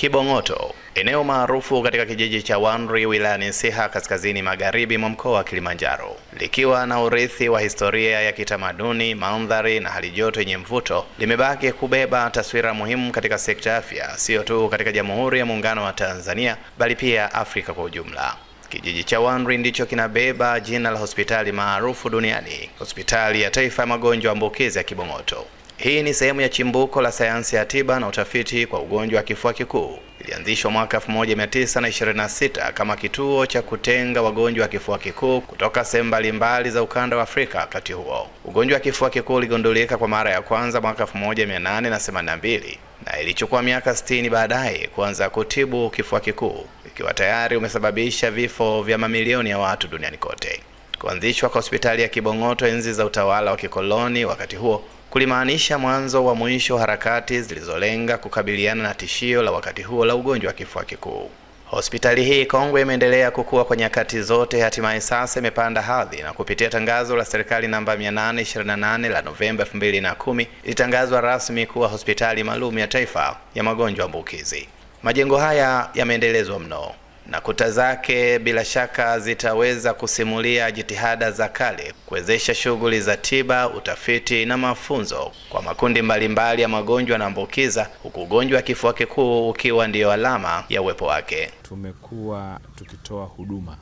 Kibong'oto, eneo maarufu katika kijiji cha Wanri wilayani Siha kaskazini magharibi mwa mkoa wa Kilimanjaro, likiwa na urithi wa historia ya kitamaduni, mandhari na hali joto yenye mvuto, limebaki kubeba taswira muhimu katika sekta ya afya, sio tu katika Jamhuri ya Muungano wa Tanzania bali pia Afrika kwa ujumla. Kijiji cha Wanri ndicho kinabeba jina la hospitali maarufu duniani, hospitali ya taifa ya magonjwa ambukizi ya Kibong'oto. Hii ni sehemu ya chimbuko la sayansi ya tiba na utafiti kwa ugonjwa wa kifua kikuu. Ilianzishwa mwaka 1926 kama kituo cha kutenga wagonjwa wa kifua kikuu kutoka sehemu mbalimbali za ukanda wa Afrika. Wakati huo ugonjwa wa kifua kikuu uligundulika kwa mara ya kwanza mwaka 1882 na ilichukua miaka 60 baadaye kuanza kutibu kifua kikuu, ikiwa tayari umesababisha vifo vya mamilioni ya watu duniani kote. Kuanzishwa kwa hospitali ya Kibong'oto enzi za utawala wa kikoloni wakati huo kulimaanisha mwanzo wa mwisho harakati zilizolenga kukabiliana na tishio la wakati huo la ugonjwa wa kifua kikuu. Hospitali hii kongwe imeendelea kukua kwa nyakati zote, hatimaye sasa imepanda hadhi na kupitia tangazo la serikali namba 828 la Novemba 2010 ilitangazwa rasmi kuwa hospitali maalum ya taifa ya magonjwa ambukizi. Majengo haya yameendelezwa mno na kuta zake bila shaka zitaweza kusimulia jitihada za kale kuwezesha shughuli za tiba, utafiti na mafunzo kwa makundi mbalimbali ya magonjwa na ambukiza huku ugonjwa wa kifua kikuu ukiwa ndiyo alama ya uwepo wake. Tumekuwa tukitoa huduma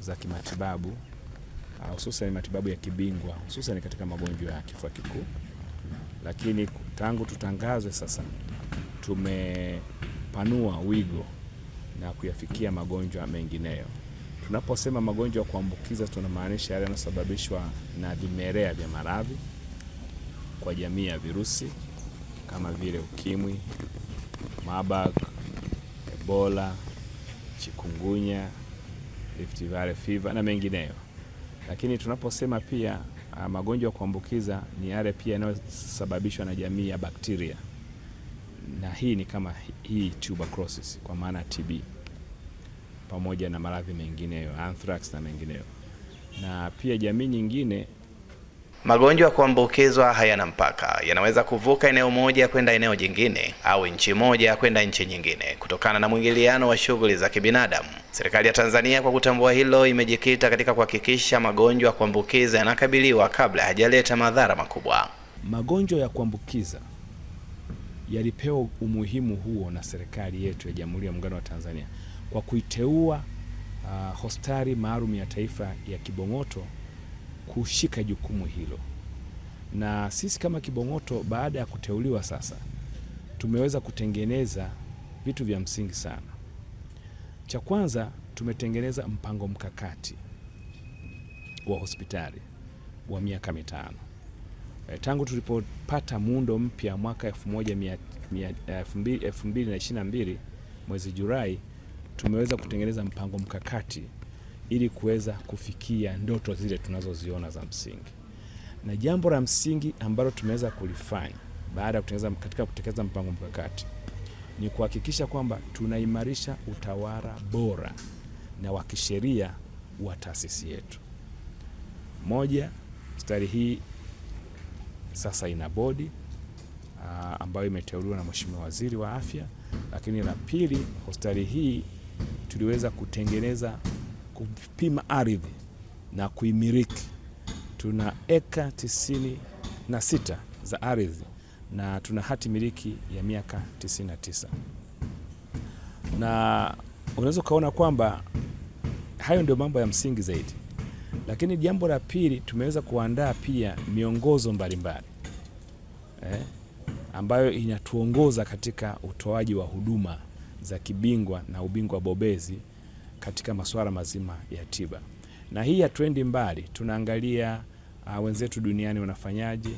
za kimatibabu hususan matibabu ya kibingwa hususan katika magonjwa ya kifua kikuu, lakini tangu tutangazwe sasa tumepanua wigo na kuyafikia magonjwa mengineyo. Tunaposema magonjwa ya kuambukiza tunamaanisha yale yanayosababishwa na vimelea vya maradhi kwa jamii ya virusi kama vile ukimwi, Marburg, Ebola, chikungunya, Rift Valley fever na mengineyo. Lakini tunaposema pia ah, magonjwa ya kuambukiza ni yale pia yanayosababishwa na jamii ya bakteria na hii ni kama hii tuberculosis kwa maana TB pamoja na maradhi mengineyo anthrax na mengineyo, na pia jamii nyingine. Magonjwa ya kuambukizwa hayana mpaka, yanaweza kuvuka eneo moja kwenda eneo jingine au nchi moja kwenda nchi nyingine kutokana na mwingiliano wa shughuli za kibinadamu. Serikali ya Tanzania kwa kutambua hilo, imejikita katika kuhakikisha magonjwa ya kuambukiza yanakabiliwa kabla hajaleta madhara makubwa. Magonjwa ya kuambukiza yalipewa umuhimu huo na serikali yetu ya Jamhuri ya Muungano wa Tanzania kwa kuiteua uh, Hospitali Maalum ya Taifa ya Kibong'oto kushika jukumu hilo, na sisi kama Kibong'oto baada ya kuteuliwa sasa tumeweza kutengeneza vitu vya msingi sana. Cha kwanza tumetengeneza mpango mkakati wa hospitali wa miaka mitano E, tangu tulipopata muundo mpya mwaka 2022 eh, mwezi Julai tumeweza kutengeneza mpango mkakati ili kuweza kufikia ndoto zile tunazoziona za msingi. Na jambo la msingi ambalo tumeweza kulifanya baada ya kutengeneza katika kutekeleza mpango mkakati ni kuhakikisha kwamba tunaimarisha utawala bora na wa kisheria wa taasisi yetu. Moja, mstari hii sasa ina bodi ah, ambayo imeteuliwa na Mheshimiwa Waziri wa Afya. Lakini la pili, hospitali hii tuliweza kutengeneza kupima ardhi na kuimiliki. Tuna eka tisini na sita za ardhi na tuna hati miliki ya miaka 99 na unaweza ukaona kwamba hayo ndio mambo ya msingi zaidi. Lakini jambo la pili, tumeweza kuandaa pia miongozo mbalimbali eh, ambayo inatuongoza katika utoaji wa huduma za kibingwa na ubingwa bobezi katika masuala mazima ya tiba, na hii hatuendi mbali, tunaangalia uh, wenzetu duniani wanafanyaje,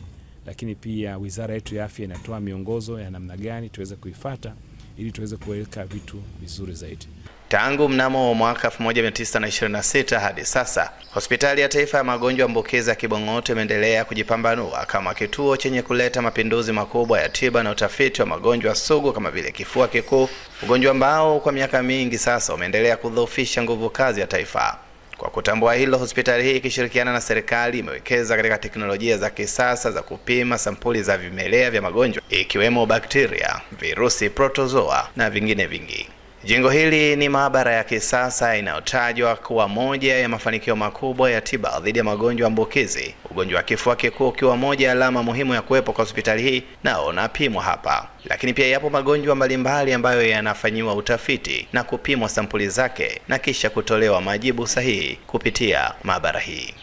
lakini pia wizara yetu ya afya inatoa miongozo ya namna gani tuweze kuifata ili tuweze kuweka vitu vizuri zaidi. Tangu mnamo mwaka 1926 hadi sasa, Hospitali ya Taifa ya Magonjwa Ambukizi ya Kibong'oto imeendelea kujipambanua kama kituo chenye kuleta mapinduzi makubwa ya tiba na utafiti wa magonjwa sugu kama vile kifua kikuu, ugonjwa ambao kwa miaka mingi sasa umeendelea kudhoofisha nguvu kazi ya taifa. Kwa kutambua hilo, hospitali hii ikishirikiana na serikali imewekeza katika teknolojia za kisasa za kupima sampuli za vimelea vya magonjwa ikiwemo bakteria, virusi, protozoa na vingine vingi. Jengo hili ni maabara ya kisasa inayotajwa kuwa moja ya mafanikio makubwa ya tiba dhidi ya magonjwa ambukizi, ugonjwa wa kifua kikuu ukiwa moja ya alama muhimu ya kuwepo kwa hospitali hii, nao unapimwa hapa. Lakini pia yapo magonjwa mbalimbali ambayo yanafanyiwa utafiti na kupimwa sampuli zake na kisha kutolewa majibu sahihi kupitia maabara hii.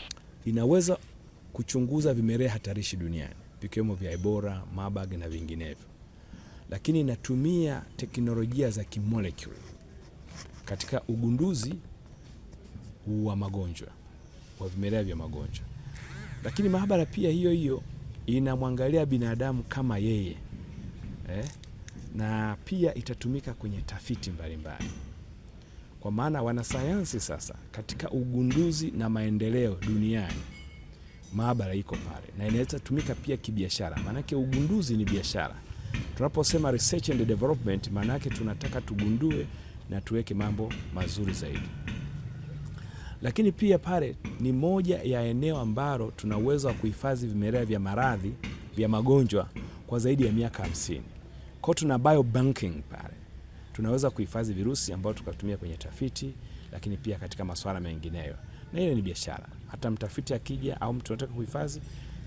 Inaweza kuchunguza vimelea hatarishi duniani vikiwemo vya Ebola, Marburg na vinginevyo lakini inatumia teknolojia za kimolekuli katika ugunduzi wa magonjwa wa vimelea vya magonjwa. Lakini maabara pia hiyo hiyo inamwangalia binadamu kama yeye eh? na pia itatumika kwenye tafiti mbalimbali mbali. Kwa maana wanasayansi sasa katika ugunduzi na maendeleo duniani maabara iko pale na inaweza tumika pia kibiashara, maanake ugunduzi ni biashara. Tunaposema research and development, maana yake tunataka tugundue na tuweke mambo mazuri zaidi. Lakini pia pale ni moja ya eneo ambalo tuna uwezo wa kuhifadhi vimelea vya maradhi vya magonjwa kwa zaidi ya miaka hamsini. Kwa tuna biobanking pale, tunaweza kuhifadhi virusi ambao tukatumia kwenye tafiti, lakini pia katika masuala mengineyo, na ile ni biashara. Hata mtafiti akija au mtu anataka kuhifadhi,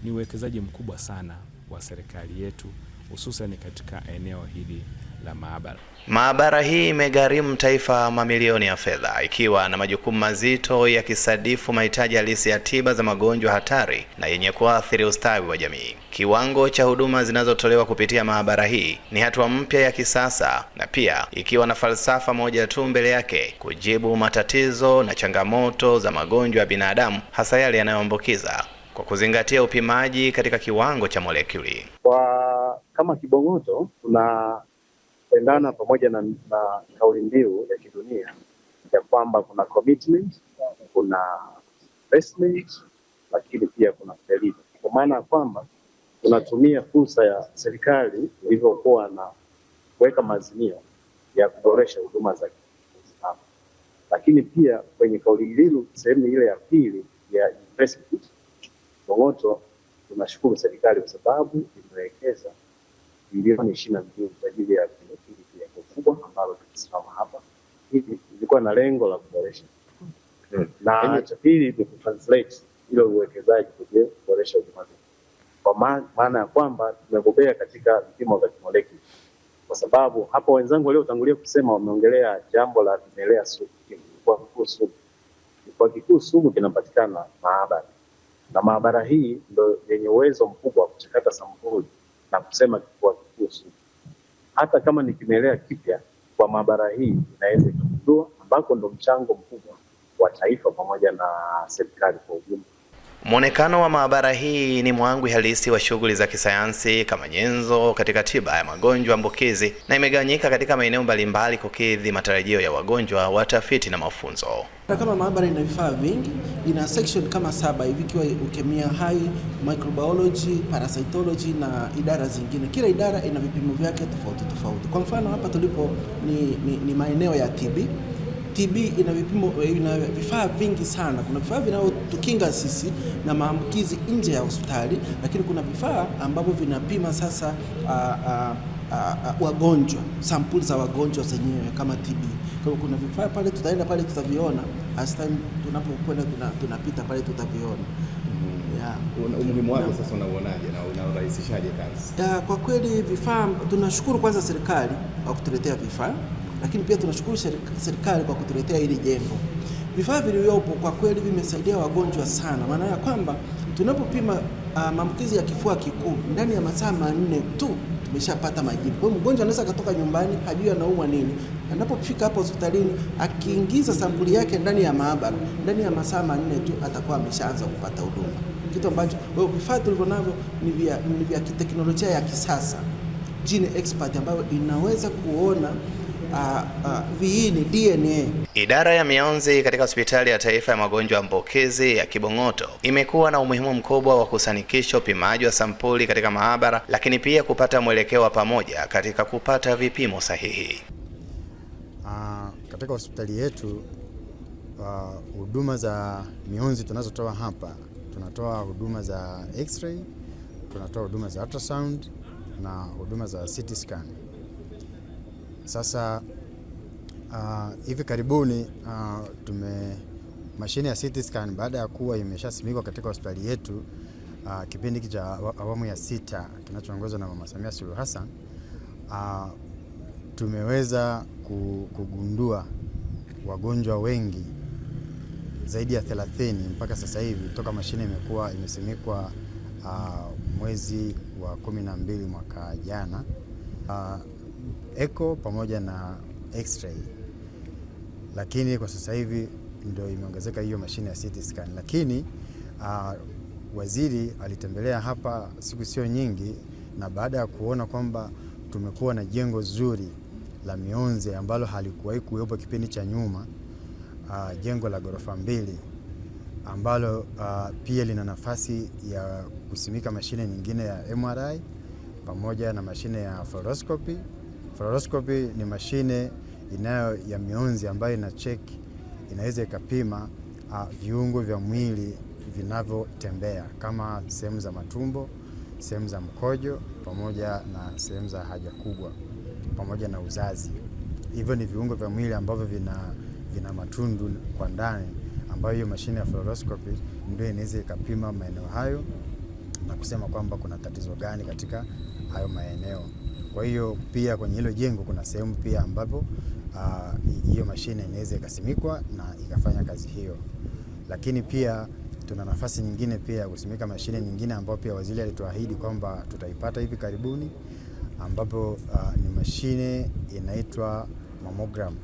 ni uwekezaji mkubwa sana wa serikali yetu hususan katika eneo hili la maabara. Maabara hii imegharimu taifa mamilioni ya fedha ikiwa na majukumu mazito ya kisadifu mahitaji halisi ya tiba za magonjwa hatari na yenye kuathiri ustawi wa jamii. Kiwango cha huduma zinazotolewa kupitia maabara hii ni hatua mpya ya kisasa na pia ikiwa na falsafa moja tu mbele yake, kujibu matatizo na changamoto za magonjwa ya binadamu hasa yale yanayoambukiza kwa kuzingatia upimaji katika kiwango cha molekuli. Wow kama Kibong'oto tunaendana pamoja na, na kauli mbiu ya kidunia ya kwamba kuna commitment, kuna investment, lakini pia kuna delivery, kwa maana ya kwamba tunatumia fursa ya serikali ilivyokuwa na kuweka maazimio ya kuboresha huduma za kiusalama, lakini pia kwenye kauli mbiu sehemu ile ya pili ya investment Kibong'oto Tunashukuru serikali kwa sababu imewekeza bilioni ishirini na mbili kwa ajili ya hili jengo kubwa ambalo tumesimama hapa. Hivi ilikuwa na lengo la kuboresha hmm. na yaani- cha pili ni kutranslate ile uwekezaji kwenye kuboresha huduma zetu, kwa maana ya kwamba tumebobea katika vipimo vya kimolekula, kwa sababu hapo wenzangu waliotangulia kusema wameongelea jambo la vimelea sugu, kifua kikuu sugu. Kifua kikuu sugu kinapatikana maabara na maabara hii ndo yenye uwezo mkubwa wa kuchakata sampuli na kusema kifua kikuu sugu. Hata kama ni kimelea kipya, kwa maabara hii inaweza ikagundua, ambako ndo mchango mkubwa wa taifa pamoja na serikali kwa ujumla. Mwonekano wa maabara hii ni mwangwi halisi wa shughuli za kisayansi kama nyenzo katika tiba ya magonjwa ambukizi na imegawanyika katika maeneo mbalimbali kukidhi matarajio ya wagonjwa, watafiti na mafunzo. Kama maabara ina vifaa vingi, ina section kama saba hivi, ikiwa ukemia hai, microbiology, parasitology na idara zingine. Kila idara ina vipimo vyake tofauti tofauti. Kwa mfano hapa tulipo ni, ni, ni maeneo ya tibi TB ina vipimo, ina vifaa vingi sana. Kuna vifaa vinavyotukinga sisi na maambukizi nje ya hospitali, lakini kuna vifaa ambavyo vinapima sasa a, a, a, wagonjwa, sampuli za wagonjwa zenyewe kama TB. Kwa kuna vifaa pale, tutaenda pale tutaviona, hasa tunapokwenda tunapita pale tutaviona. Yeah. Umuhimu wake sasa unauonaje na unarahisishaje kazi? Kwa kweli vifaa tunashukuru kwanza serikali kwa kutuletea vifaa lakini pia tunashukuru serikali kwa kutuletea hili jengo. Vifaa vilivyopo kwa kweli vimesaidia wagonjwa sana, maana ya kwamba tunapopima uh, maambukizi ya kifua kikuu ndani ya masaa manne tu tumeshapata majibu. Kwa hiyo mgonjwa anaweza akatoka nyumbani hajui anaumwa nini, anapofika hapa hospitalini akiingiza sampuli yake ndani ya maabara, ndani ya masaa manne tu atakuwa ameshaanza kupata huduma, kitu ambacho vifaa tulivyo navyo ni vya kiteknolojia ya kisasa, Gene Expert ambayo inaweza kuona Ah, ah, viini DNA. Idara ya mionzi katika hospitali ya taifa ya magonjwa mbokezi ya Kibong'oto imekuwa na umuhimu mkubwa wa kusanikisha upimaji wa sampuli katika maabara, lakini pia kupata mwelekeo wa pamoja katika kupata vipimo sahihi. Aa, ah, katika hospitali yetu huduma za mionzi tunazotoa hapa, tunatoa huduma za x-ray, tunatoa huduma za ultrasound na huduma za CT scan. Sasa uh, hivi karibuni uh, tume mashine ya CT scan baada ya kuwa imeshasimikwa katika hospitali yetu uh, kipindi cha awamu ya sita kinachoongozwa na Mama Samia Suluhu Hassan uh, tumeweza kugundua wagonjwa wengi zaidi ya 30 mpaka sasa hivi toka mashine imekuwa imesimikwa uh, mwezi wa kumi na mbili mwaka jana uh, echo pamoja na x-ray, lakini kwa sasa hivi ndio imeongezeka hiyo mashine ya CT scan. Lakini uh, waziri alitembelea hapa siku sio nyingi, na baada ya kuona kwamba tumekuwa na jengo zuri la mionzi ambalo halikuwahi kuwepo kipindi cha nyuma, uh, jengo la ghorofa mbili ambalo uh, pia lina nafasi ya kusimika mashine nyingine ya MRI pamoja na mashine ya fluoroscopy Fluoroscopy ni mashine inayo ya mionzi ambayo ina cheki, inaweza ikapima uh, viungo vya mwili vinavyotembea kama sehemu za matumbo, sehemu za mkojo pamoja na sehemu za haja kubwa pamoja na uzazi. Hivyo ni viungo vya mwili ambavyo vina, vina matundu kwa ndani ambayo hiyo mashine ya fluoroscopy ndio inaweza ikapima maeneo hayo na kusema kwamba kuna tatizo gani katika hayo maeneo. Kwa hiyo pia kwenye hilo jengo kuna sehemu pia ambapo ah, hiyo uh, mashine inaweza ikasimikwa na ikafanya kazi hiyo, lakini pia tuna nafasi nyingine pia ya kusimika mashine nyingine ambayo pia waziri alituahidi kwamba tutaipata hivi karibuni, ambapo uh, ni mashine inaitwa mammogram.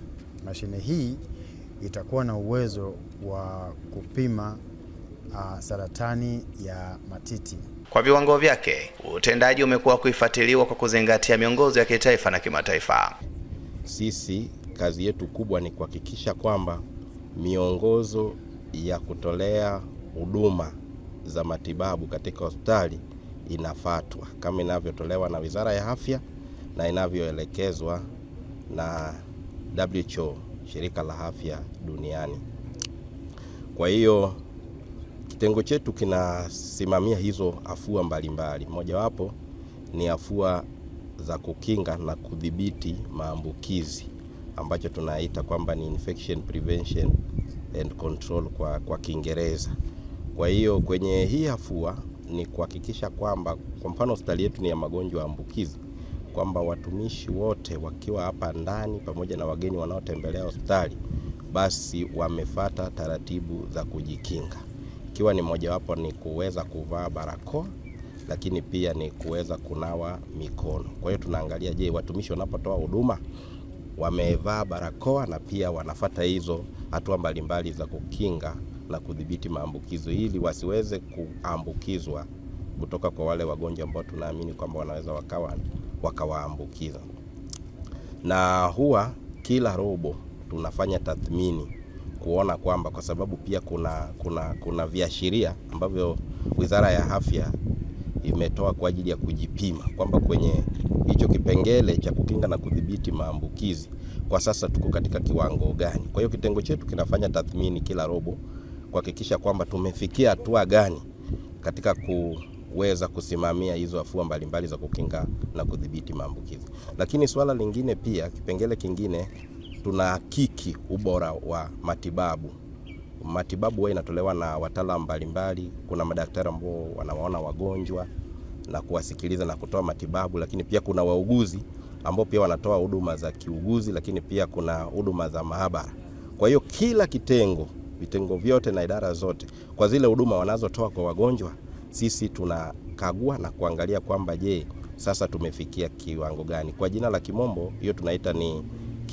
Mashine hii itakuwa na uwezo wa kupima uh, saratani ya matiti kwa viwango vyake. Utendaji umekuwa kuifuatiliwa kwa kuzingatia miongozo ya kitaifa na kimataifa. Sisi kazi yetu kubwa ni kuhakikisha kwamba miongozo ya kutolea huduma za matibabu katika hospitali inafatwa kama inavyotolewa na Wizara ya Afya na inavyoelekezwa na WHO, shirika la afya duniani. Kwa hiyo Kitengo chetu kinasimamia hizo afua mbalimbali, mojawapo ni afua za kukinga na kudhibiti maambukizi ambacho tunaita kwamba ni infection prevention and control kwa, kwa Kiingereza. Kwa hiyo kwenye hii afua ni kuhakikisha kwamba kwa mfano hospitali yetu ni ya magonjwa ya ambukizi kwamba watumishi wote wakiwa hapa ndani pamoja na wageni wanaotembelea hospitali basi wamefata taratibu za kujikinga ikiwa ni mojawapo ni kuweza kuvaa barakoa, lakini pia ni kuweza kunawa mikono. Kwa hiyo tunaangalia, je, watumishi wanapotoa huduma wamevaa barakoa na pia wanafata hizo hatua mbalimbali za kukinga na kudhibiti maambukizo ili wasiweze kuambukizwa kutoka kwa wale wagonjwa ambao tunaamini kwamba wanaweza wakawa wakawaambukiza. Na huwa kila robo tunafanya tathmini kuona kwamba kwa sababu pia kuna, kuna, kuna viashiria ambavyo Wizara ya Afya imetoa kwa ajili ya kujipima kwamba kwenye hicho kipengele cha kukinga na kudhibiti maambukizi kwa sasa tuko katika kiwango gani. Kwa hiyo kitengo chetu kinafanya tathmini kila robo kuhakikisha kwamba tumefikia hatua gani katika kuweza kusimamia hizo afua mbalimbali za kukinga na kudhibiti maambukizi. Lakini suala lingine pia, kipengele kingine tunahakiki ubora wa matibabu. Matibabu huwa inatolewa na wataalamu mbalimbali. Kuna madaktari ambao wanawaona wagonjwa na kuwasikiliza na kutoa matibabu, lakini pia kuna wauguzi ambao pia wanatoa huduma za kiuguzi, lakini pia kuna huduma za maabara. Kwa hiyo kila kitengo, vitengo vyote na idara zote, kwa zile huduma wanazotoa kwa wagonjwa, sisi tunakagua na kuangalia kwamba je, sasa tumefikia kiwango gani. Kwa jina la kimombo hiyo tunaita ni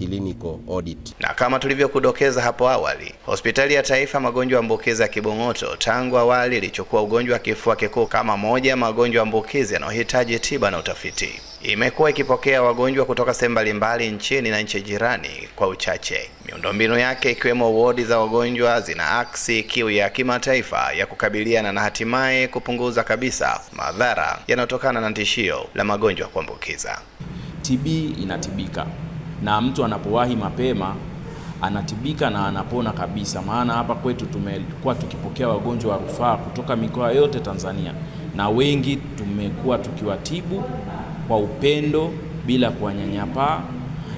clinical audit. Na kama tulivyokudokeza hapo awali, hospitali ya taifa magonjwa ambukizi ya Kibong'oto tangu awali ilichukua ugonjwa wa kifua kikuu kama moja ya magonjwa ambukizi yanayohitaji tiba na utafiti. Imekuwa ikipokea wagonjwa kutoka sehemu mbalimbali nchini na nchi jirani kwa uchache. Miundombinu yake ikiwemo wodi za wagonjwa zina aksi kiu ya kimataifa ya kukabiliana na hatimaye kupunguza kabisa madhara yanayotokana na tishio la magonjwa kuambukiza. TB inatibika na mtu anapowahi mapema anatibika na anapona kabisa. Maana hapa kwetu tumekuwa tukipokea wagonjwa wa rufaa kutoka mikoa yote Tanzania, na wengi tumekuwa tukiwatibu kwa upendo bila kuwanyanyapaa.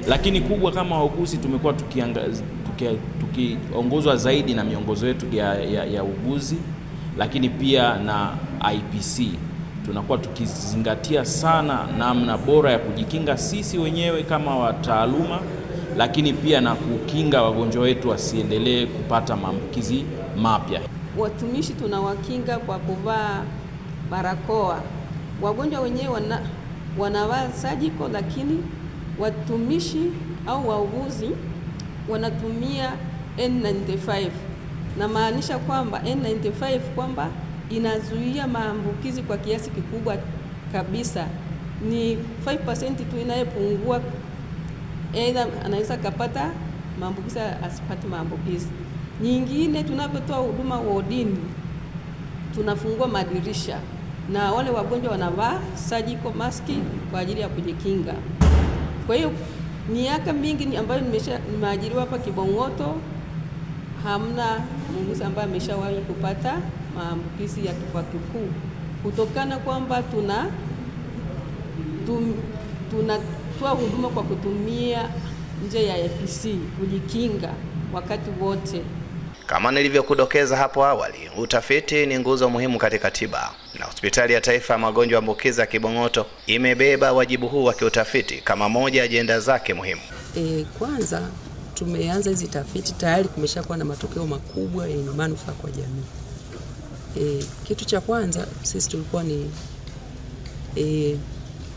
Lakini kubwa kama wauguzi tumekuwa tukiongozwa tuki zaidi na miongozo yetu ya, ya, ya uguzi, lakini pia na IPC tunakuwa tukizingatia sana namna bora ya kujikinga sisi wenyewe kama wataaluma, lakini pia na kukinga wagonjwa wetu wasiendelee kupata maambukizi mapya. Watumishi tunawakinga kwa kuvaa barakoa, wagonjwa wenyewe wana, wanavaa sajiko, lakini watumishi au wauguzi wanatumia N95 na maanisha kwamba N95 kwamba inazuia maambukizi kwa kiasi kikubwa kabisa. Ni 5% tu inayopungua, aidha anaweza kapata maambukizi, asipate maambukizi. Nyingine, tunapotoa huduma wodini, tunafungua madirisha na wale wagonjwa wanavaa surgical mask kwa ajili ya kujikinga. Kwa hiyo miaka mingi ambayo nimeajiriwa hapa Kibong'oto, hamna muuguzi ambaye ameshawahi kupata maambukizi ya kifua kikuu kutokana kwamba tuna tum, tunatoa huduma kwa kutumia nje ya APC kujikinga wakati wote. Kama nilivyokudokeza hapo awali, utafiti ni nguzo muhimu katika tiba, na hospitali ya taifa ya magonjwa ambukizi ya Kibong'oto imebeba wajibu huu wa kiutafiti kama moja ya ajenda zake muhimu. E, kwanza tumeanza hizi tafiti tayari kumeshakuwa na matokeo makubwa yenye manufaa kwa jamii. E, kitu cha kwanza sisi tulikuwa ni e,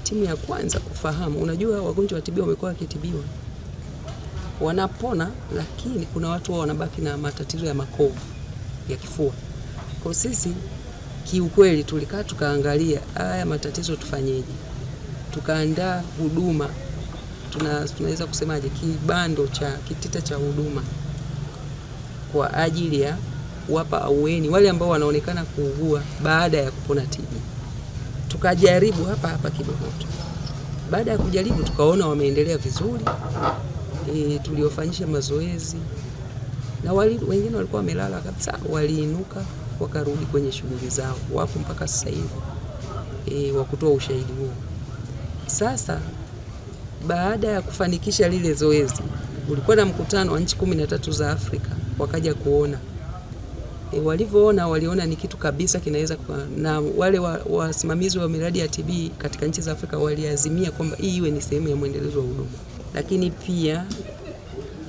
timu ya kwanza kufahamu. Unajua, wagonjwa wa TB wamekuwa wakitibiwa wanapona, lakini kuna watu wao wanabaki na matatizo ya makovu ya kifua. Kwa sisi kiukweli, tulikaa tukaangalia haya matatizo tufanyeje, tukaandaa huduma tuna, tunaweza kusemaje, kibando cha kitita cha huduma kwa ajili ya kuwapa aueni wale ambao wanaonekana kuugua baada ya kupona TB. Tukajaribu hapa hapa Kibogoto, baada ya kujaribu tukaona wameendelea vizuri e, tuliofanyisha mazoezi na wali, wengine walikuwa wamelala kabisa, waliinuka wakarudi kwenye shughuli zao, wapo mpaka sasa hivi e, wa kutoa ushahidi huo. Sasa baada ya kufanikisha lile zoezi, ulikuwa na mkutano wa nchi kumi na tatu za Afrika wakaja kuona E, walivyoona waliona ni kitu kabisa kinaweza kwa, na wale wasimamizi wa, wa miradi ya TB katika nchi za Afrika waliazimia kwamba hii iwe ni sehemu ya mwendelezo wa huduma, lakini pia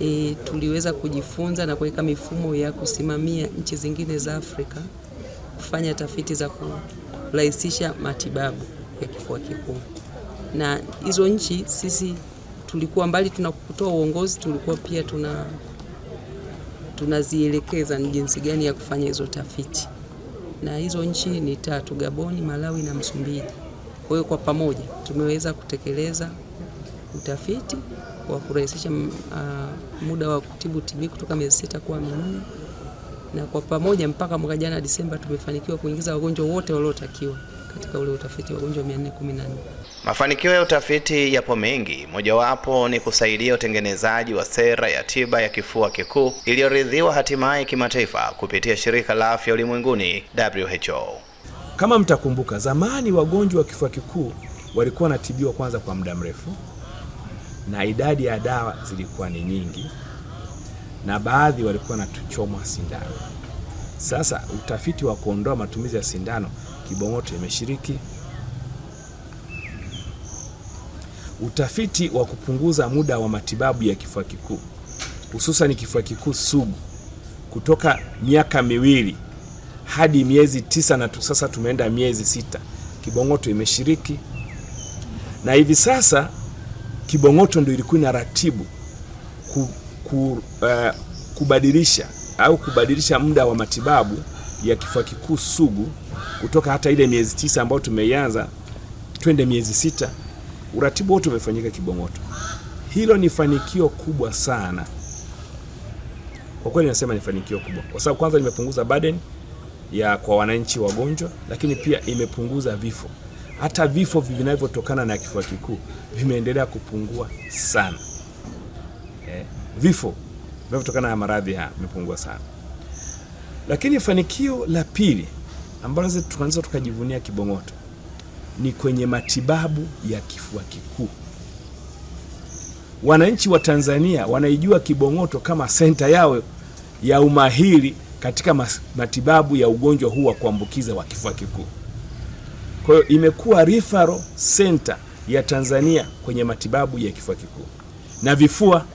e, tuliweza kujifunza na kuweka mifumo ya kusimamia nchi zingine za Afrika kufanya tafiti za kurahisisha matibabu ya kifua kikuu, na hizo nchi sisi tulikuwa mbali, tunakutoa uongozi tulikuwa pia tuna tunazielekeza ni jinsi gani ya kufanya hizo tafiti, na hizo nchi ni tatu, Gaboni, Malawi na Msumbiji. Kwa hiyo kwa pamoja tumeweza kutekeleza utafiti wa kurahisisha uh, muda wa kutibu TB kutoka miezi sita kuwa minne, na kwa pamoja mpaka mwaka jana Disemba tumefanikiwa kuingiza wagonjwa wote waliotakiwa katika ule utafiti wagonjwa 414. Mafanikio ya utafiti yapo mengi, mojawapo ni kusaidia utengenezaji wa sera ya tiba ya kifua kikuu iliyoridhiwa hatimaye kimataifa kupitia Shirika la Afya Ulimwenguni WHO. Kama mtakumbuka, zamani wagonjwa wa kifua kikuu walikuwa wanatibiwa kwanza kwa muda mrefu, na idadi ya dawa zilikuwa ni nyingi, na baadhi walikuwa wanachomwa sindano. Sasa utafiti wa kuondoa matumizi ya sindano, Kibong'oto imeshiriki utafiti wa kupunguza muda wa matibabu ya kifua kikuu hususan kifua kikuu sugu kutoka miaka miwili hadi miezi tisa na tu sasa tumeenda miezi sita. Kibong'oto imeshiriki na hivi sasa Kibong'oto ndio ilikuwa ina ratibu ku, ku, uh, kubadilisha au kubadilisha muda wa matibabu ya kifua kikuu sugu kutoka hata ile miezi tisa ambayo tumeianza twende miezi sita uratibu wote umefanyika Kibong'oto. Hilo ni fanikio kubwa sana kwa kweli, nasema ni fanikio kubwa kwa sababu kwanza nimepunguza burden ya kwa wananchi wagonjwa, lakini pia imepunguza vifo. Hata vifo vinavyotokana na kifua kikuu vimeendelea kupungua sana eh, vifo vinavyotokana na maradhi haya vimepungua sana. Lakini fanikio la pili ambalo tunaweza tukajivunia Kibong'oto ni kwenye matibabu ya kifua kikuu. Wananchi wa Tanzania wanaijua Kibong'oto kama senta yao ya umahiri katika matibabu ya ugonjwa huu wa kuambukiza wa kifua kikuu. Kwa hiyo imekuwa referral center ya Tanzania kwenye matibabu ya kifua kikuu na vifua.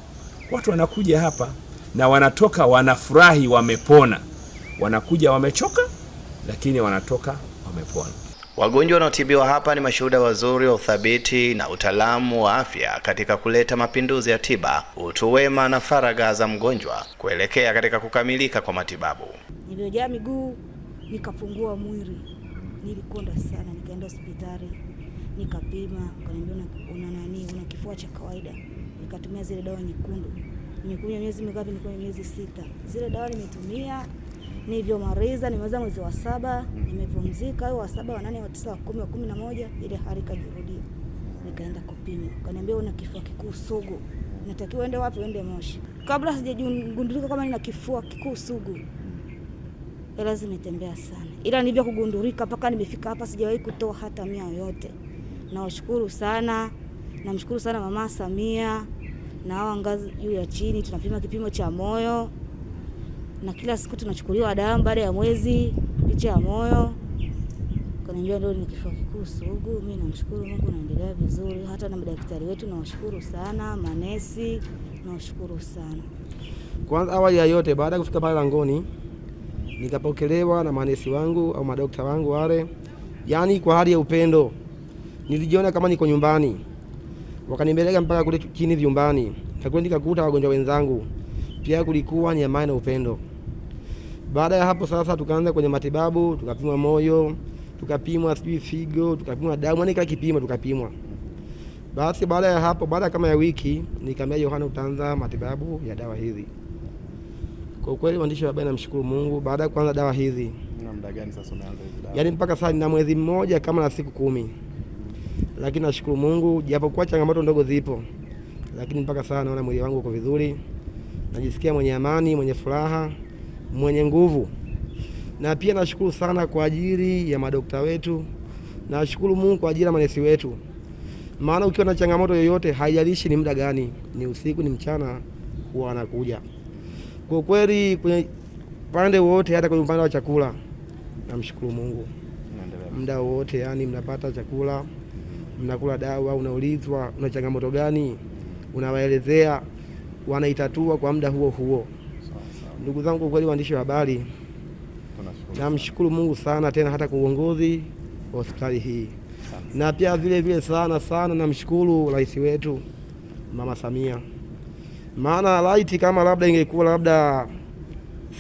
Watu wanakuja hapa na wanatoka wanafurahi, wamepona. Wanakuja wamechoka, lakini wanatoka wamepona. Wagonjwa wanaotibiwa hapa ni mashuhuda wazuri wa uthabiti na utaalamu wa afya katika kuleta mapinduzi ya tiba, utu wema na faragha za mgonjwa kuelekea katika kukamilika kwa matibabu. Niliyojaa miguu nikapungua mwili, nilikonda sana, nikaenda hospitali nikapima, kaniambia una nani, una kifua cha kawaida. Nikatumia zile dawa nyekundu, nimekunywa miezi mingapi? Nilikuwa miezi sita. Zile dawa nimetumia Nilivyomaliza nimeweza mwezi wa saba mm. nimepumzika, au wa saba wa nane wa tisa wa kumi wa kumi na moja ile hali kajirudia, nikaenda kupima, kaniambia una kifua kikuu sugu, natakiwa ende wapi? Ende Moshi. Kabla sijagundulika kama nina kifua kikuu sugu, elazi zimetembea sana, ila nilivyo kugundulika mpaka nimefika hapa sijawahi kutoa hata mia yoyote. Nawashukuru sana, namshukuru sana Mama Samia na hawa ngazi juu ya chini, tunapima kipimo cha moyo na kila siku tunachukuliwa damu baada ya mwezi, picha ya moyo. Kaniambia ndio ni kifua kikuu sugu. Mimi namshukuru Mungu, naendelea vizuri. Hata na madaktari wetu nawashukuru sana, manesi nawashukuru sana. Kwanza awali ya yote, baada ya kufika pale langoni, nikapokelewa na manesi wangu au madokta wangu wale, yani kwa hali ya upendo, nilijiona kama niko nyumbani. Wakanipeleka mpaka kule chini vyumbani, na nikakuta wagonjwa wenzangu, pia kulikuwa ni amani na upendo. Baada ya hapo sasa, tukaanza kwenye matibabu, tukapimwa moyo, tukapimwa sijui figo, tukapimwa damu, yani kila kipimo tukapimwa. Basi baada ya hapo, baada kama ya wiki, nikamwambia Yohana, utaanza matibabu ya dawa hizi. Kwa kweli mwandishi wa habari, namshukuru Mungu, baada ya kuanza dawa hizi namna gani sasa unaanza hizi dawa? Yaani mpaka sasa nina mwezi mmoja kama na siku kumi, lakini nashukuru Mungu, japokuwa changamoto ndogo zipo, lakini mpaka sasa naona mwili wangu uko vizuri, najisikia mwenye amani, mwenye furaha mwenye nguvu. Na pia nashukuru sana kwa ajili ya madokta wetu, nashukuru Mungu kwa ajili ya manesi wetu, maana ukiwa na changamoto yoyote, haijalishi ni muda gani, ni usiku, ni mchana, huwa anakuja kwa kweli kwenye pande wote, hata kwenye upande wa chakula. Namshukuru Mungu muda wote, yani mnapata chakula, mnakula dawa, unaulizwa una changamoto gani, unawaelezea, wanaitatua kwa muda huo huo. Ndugu zangu, kweli waandishi wa habari, namshukuru Mungu sana tena hata kwa uongozi wa hospitali hii sana. Na pia vile vile sana sana namshukuru rais wetu Mama Samia, maana laiti kama labda ingekuwa labda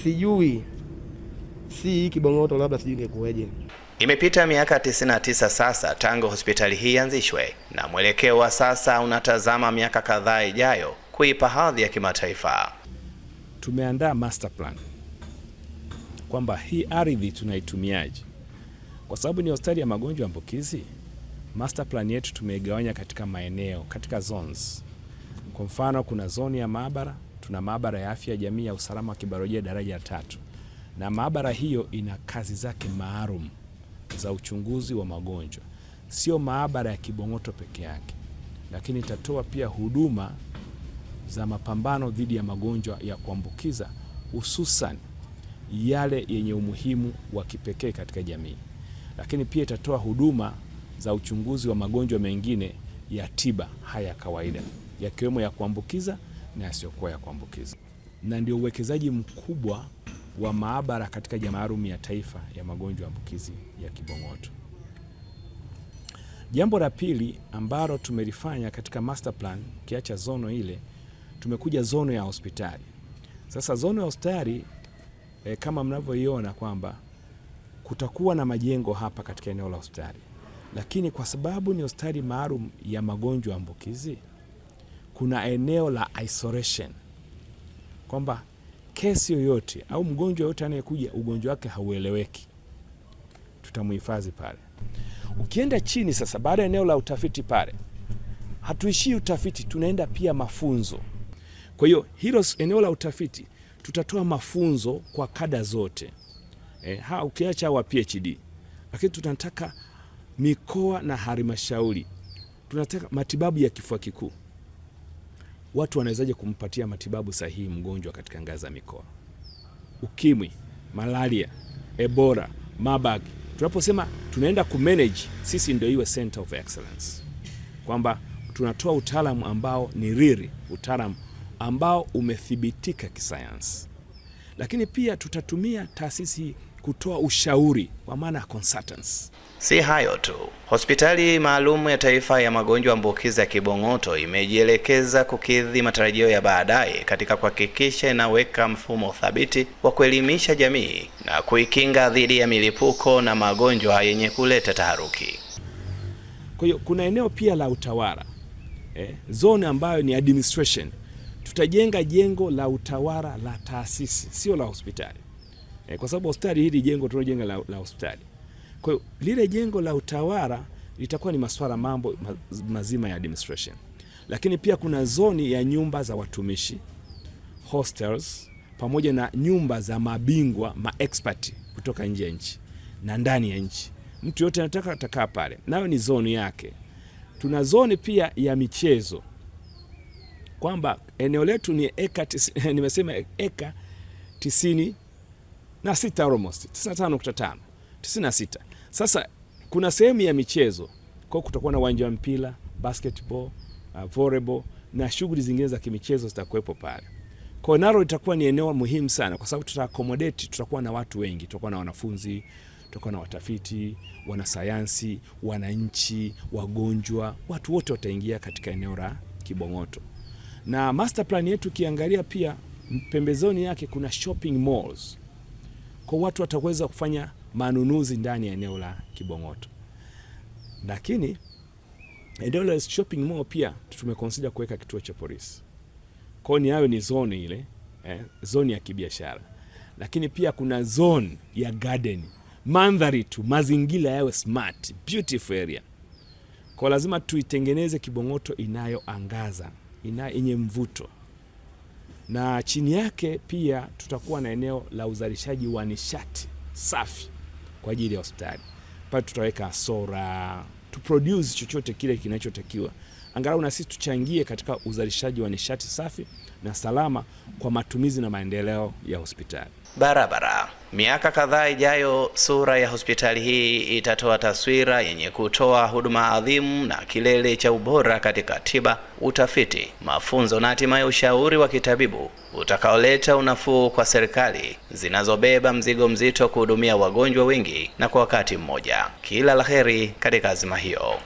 sijui si hii kibongoto labda sijui ingekuwaje. Imepita miaka 99 sasa tangu hospitali hii ianzishwe na mwelekeo wa sasa unatazama miaka kadhaa ijayo kuipa hadhi ya kimataifa tumeandaa master plan kwamba hii ardhi tunaitumiaje, kwa sababu ni hospitali ya magonjwa ambukizi. Master plan yetu tumeigawanya katika maeneo, katika zones. Kwa mfano, kuna zoni ya maabara, tuna maabara ya afya ya jamii ya usalama wa kibiolojia daraja la tatu, na maabara hiyo ina kazi zake maalum za uchunguzi wa magonjwa, sio maabara ya kibong'oto peke yake, lakini itatoa pia huduma za mapambano dhidi ya magonjwa ya kuambukiza hususan yale yenye umuhimu wa kipekee katika jamii, lakini pia itatoa huduma za uchunguzi wa magonjwa mengine ya tiba haya ya kawaida yakiwemo ya kuambukiza na yasiyokuwa ya kuambukiza, na ndio uwekezaji mkubwa wa maabara katika jamaarumu ya taifa ya magonjwa ambukizi ya Kibong'oto. Jambo la pili ambalo tumelifanya katika master plan, zono ile tumekuja zono ya hospitali. Sasa zono ya hospitali e, kama mnavyoiona kwamba kutakuwa na majengo hapa katika eneo la hospitali, lakini kwa sababu ni hospitali maalum ya magonjwa ambukizi, kuna eneo la isolation kwamba kesi yoyote au mgonjwa yoyote anayekuja ugonjwa wake haueleweki, tutamhifadhi pale. Ukienda chini sasa, baada ya eneo la utafiti pale, hatuishii utafiti, tunaenda pia mafunzo. Kwa hiyo hilo eneo la utafiti tutatoa mafunzo kwa kada zote e, ha, ukiacha wa PhD, lakini tunataka mikoa na halmashauri, tunataka matibabu ya kifua kikuu, watu wanawezaje kumpatia matibabu sahihi mgonjwa katika ngazi za mikoa, ukimwi, malaria, ebora mabag. Tunaposema tunaenda kumanage, sisi ndio iwe center of excellence, kwamba tunatoa utaalamu ambao ni riri utaalamu ambao umethibitika kisayansi, lakini pia tutatumia taasisi kutoa ushauri kwa maana ya consultants. Si hayo tu, hospitali maalum ya taifa ya magonjwa ambukizi ya Kibong'oto imejielekeza kukidhi matarajio ya baadaye katika kuhakikisha inaweka mfumo thabiti wa kuelimisha jamii na kuikinga dhidi ya milipuko na magonjwa yenye kuleta taharuki. Kwa hiyo kuna eneo pia la utawala eh, zone ambayo ni administration tutajenga jengo la utawala la taasisi, sio la hospitali e, kwa sababu hospitali hili jengo tunaojenga la, la hospitali. Kwa hiyo lile jengo la utawala litakuwa ni masuala mambo mazima ya administration, lakini pia kuna zoni ya nyumba za watumishi hostels, pamoja na nyumba za mabingwa expert kutoka nje ya nchi na ndani ya nchi. Mtu yote anataka atakaa pale, nayo ni zoni yake. Tuna zoni pia ya michezo kwamba eneo letu ni eka tis, nimesema eka tisini na sita almost 95.5 96. Sasa kuna sehemu ya michezo kwa kutakuwa na uwanja wa mpira basketball, uh, volleyball na shughuli zingine za kimichezo zitakuwepo pale. Kwa nalo itakuwa ni eneo muhimu sana kwa sababu tuta accommodate, tutakuwa na watu wengi, tutakuwa na wanafunzi, tutakuwa na watafiti, wanasayansi, wananchi, wagonjwa, watu wote wataingia katika eneo la Kibong'oto na master plan yetu ukiangalia pia pembezoni yake kuna shopping malls, kwa watu wataweza kufanya manunuzi ndani ya eneo la Kibong'oto. Lakini eneo la shopping mall pia tumekonsida kuweka kituo cha polisi, kwa ni hayo ni zone ile eh, zone ya kibiashara, lakini pia kuna zone ya garden, mandhari tu, mazingira yawe smart beautiful area, kwa lazima tuitengeneze Kibong'oto inayoangaza yenye mvuto, na chini yake pia tutakuwa na eneo la uzalishaji wa nishati safi kwa ajili ya hospitali. Pale tutaweka sora tu produce chochote kile kinachotakiwa, angalau na sisi tuchangie katika uzalishaji wa nishati safi na salama kwa matumizi na maendeleo ya hospitali barabara. Miaka kadhaa ijayo, sura ya hospitali hii itatoa taswira yenye kutoa huduma adhimu na kilele cha ubora katika tiba, utafiti, mafunzo na hatimaye ushauri wa kitabibu utakaoleta unafuu kwa serikali zinazobeba mzigo mzito kuhudumia wagonjwa wengi na kwa wakati mmoja. Kila laheri katika azima hiyo.